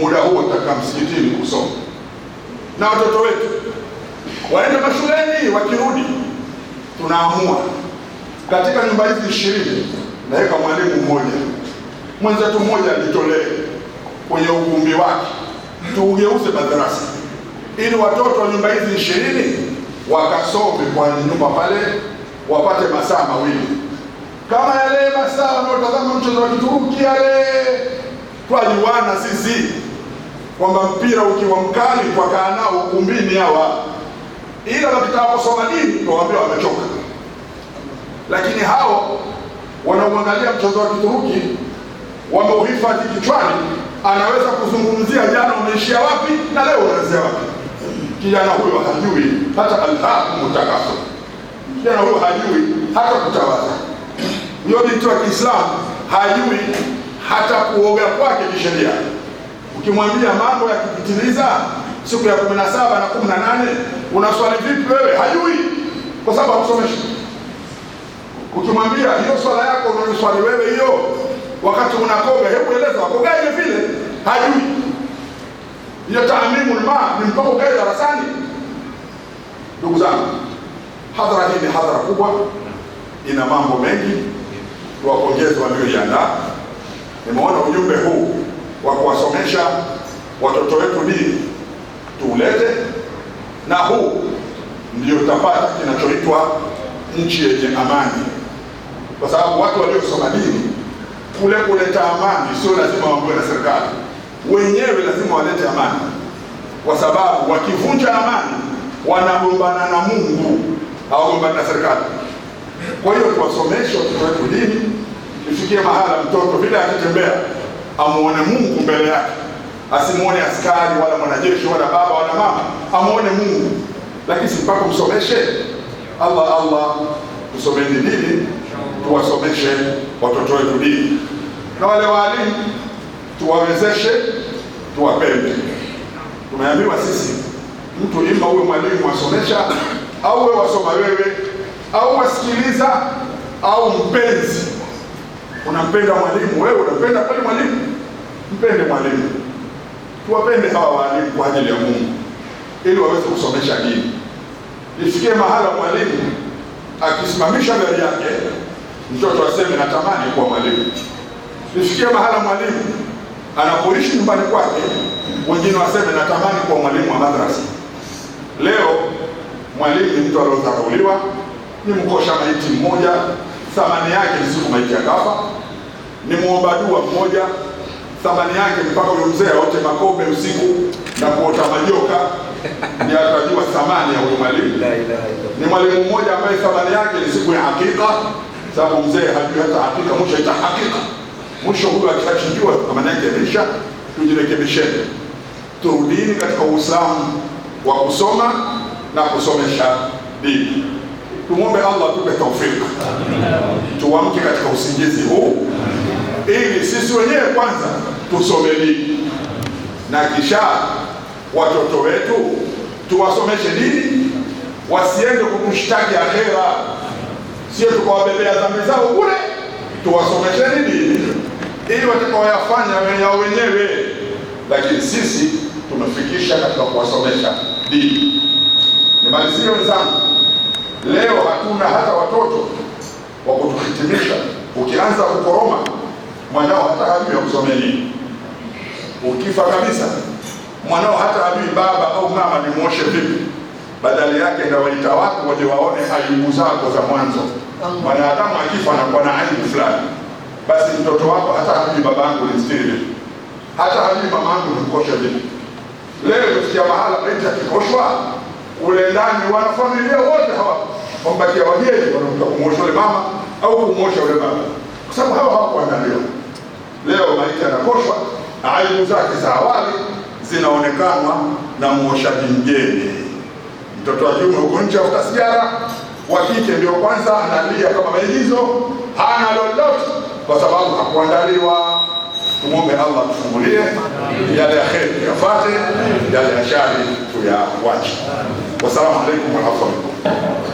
muda huo tutakaa msikitini kusoma na watoto wetu waende mashuleni, wakirudi tunaamua katika nyumba hizi ishirini naweka mwalimu mmoja. Mwenzetu mmoja ajitolee kwenye ukumbi wake, tuugeuze madarasa ili watoto wa nyumba hizi ishirini wakasome kwa nyumba pale, wapate masaa mawili kama yale masaa wanaotazama mchezo wa Kituruki yale, twajuana sisi kwamba mpira ukiwa mkali kwa kaanao ukumbini hawa, ila wakitakaposoma dini twawaambia wamechoka. Lakini hao wanaoangalia mchezo wa Kituruki wameuhifadhi kichwani, anaweza kuzungumzia jana umeishia wapi na leo unaanzia wapi. Kijana huyo hajui hata alhakum takaso, kijana huyo hajui hata kutawaza Huyo binti wa Kiislamu hajui hata kuoga kwake kisheria ukimwambia mambo ya siku ya kumi na saba na kumi na nane unaswali vipi wewe? Hajui kwa sababu hakusomeshwa. Ukimwambia hiyo swala yako unaoswali wewe hiyo wakati unakoga, hebu eleza wakogaje vile, hajui hiyo. taamimu maa ni mpaka ukae darasani. Ndugu zangu, hadhara hii ni hadhara kubwa, ina mambo mengi. Tuwapongeze walioiandaa. Nimeona ujumbe huu wa kuwasomesha watoto wetu dini tuulete, na huu ndio utapata kinachoitwa nchi yenye amani, kwa sababu watu waliosoma dini kule kuleta amani sio lazima waambiwe na serikali, wenyewe lazima walete amani, kwa sababu wakivunja amani wanagombana na Mungu, hawagombani na serikali. Kwa hiyo tuwasomeshe watoto wetu dini, ifikie mahala mtoto bila akitembea amuone Mungu mbele yake, asimuone askari wala mwanajeshi wala baba wala mama, amuone Mungu. Lakini si mpaka msomeshe Allah Allah, msomeni dini, tuwasomeshe watoto wetu dini, na wale waalimu tuwawezeshe, tuwapende. Tumeambiwa sisi mtu ima uwe mwalimu wasomesha, au uwe wasoma wewe, au wasikiliza, au mpenzi Unampenda mwalimu wewe, unampenda kweli mwalimu? Mpende mwalimu, tuwapende hawa walimu kwa ajili ya Mungu, ili waweze kusomesha dini. ifikie mahala mwalimu akisimamisha gari yake, mtoto aseme natamani kuwa mwalimu. ifikie mahala mwalimu anapoishi nyumbani kwake, wengine waseme natamani kuwa mwalimu wa madrasa. Leo mwalimu ni mtu aliodharauliwa, ni mkosha maiti mmoja thamani yake ni siku maiti kafa Ni muomba dua mmoja, thamani yake mpaka ule mzee aote makombe usiku na kuota majoka ni atajua thamani ya huyu mwalimu. Ni mwalimu mmoja ambaye thamani yake ni siku ya hakika, sababu mzee hajui hata hakika, mwisho hakika mwisho. Huyu akishajua thamani yake imeisha, tujirekebisheni, turudini katika Uislamu wa kusoma na kusomesha dini. Tumwombe Allah tupe taufiki, tuamke katika usingizi huu ili sisi wenyewe kwanza tusome dini na kisha watoto wetu tuwasomeshe dini, wasiende kukushtaki akhera, sio tukawabebea dhambi zao bure. tuwasomeshe dini ili watakaoyafanya yao wenyewe, lakini sisi tumefikisha katika kuwasomesha dini. Nimalizie wenzangu Leo hatuna hata watoto wa kutuhitimisha. Ukianza kukoroma, mwanao hata hajui kusomea nini. Ukifa kabisa, mwanao hata hajui baba au mama ni mwoshe vipi. Badala yake ndawaita watu waje waone aibu zako za mwanzo. Mwanadamu akifa anakuwa na aibu fulani, basi mtoto wako hata hajui babangu ni stiri vipi, hata hajui mama ni kuosha vipi. Leo tukia mahala binti akikoshwa ule ndani, wanafamilia wote hawa wambakia wageni wanakuta kumwosha ule mama au kumwosha ule baba, kwa sababu hawa hawakuandaliwa. Leo maiti anakoshwa na aibu zake za awali zinaonekanwa na mwoshaji mgeni. Mtoto wa kiume huko nje afuta sigara, wa kike ndio kwanza analia kama maigizo, hana lolote kwa sababu hakuandaliwa. Tumwombe Allah tufungulie yale ya heri tuyafate, yale ya shari tuyawache. Wassalamu alaikum warahmatullahi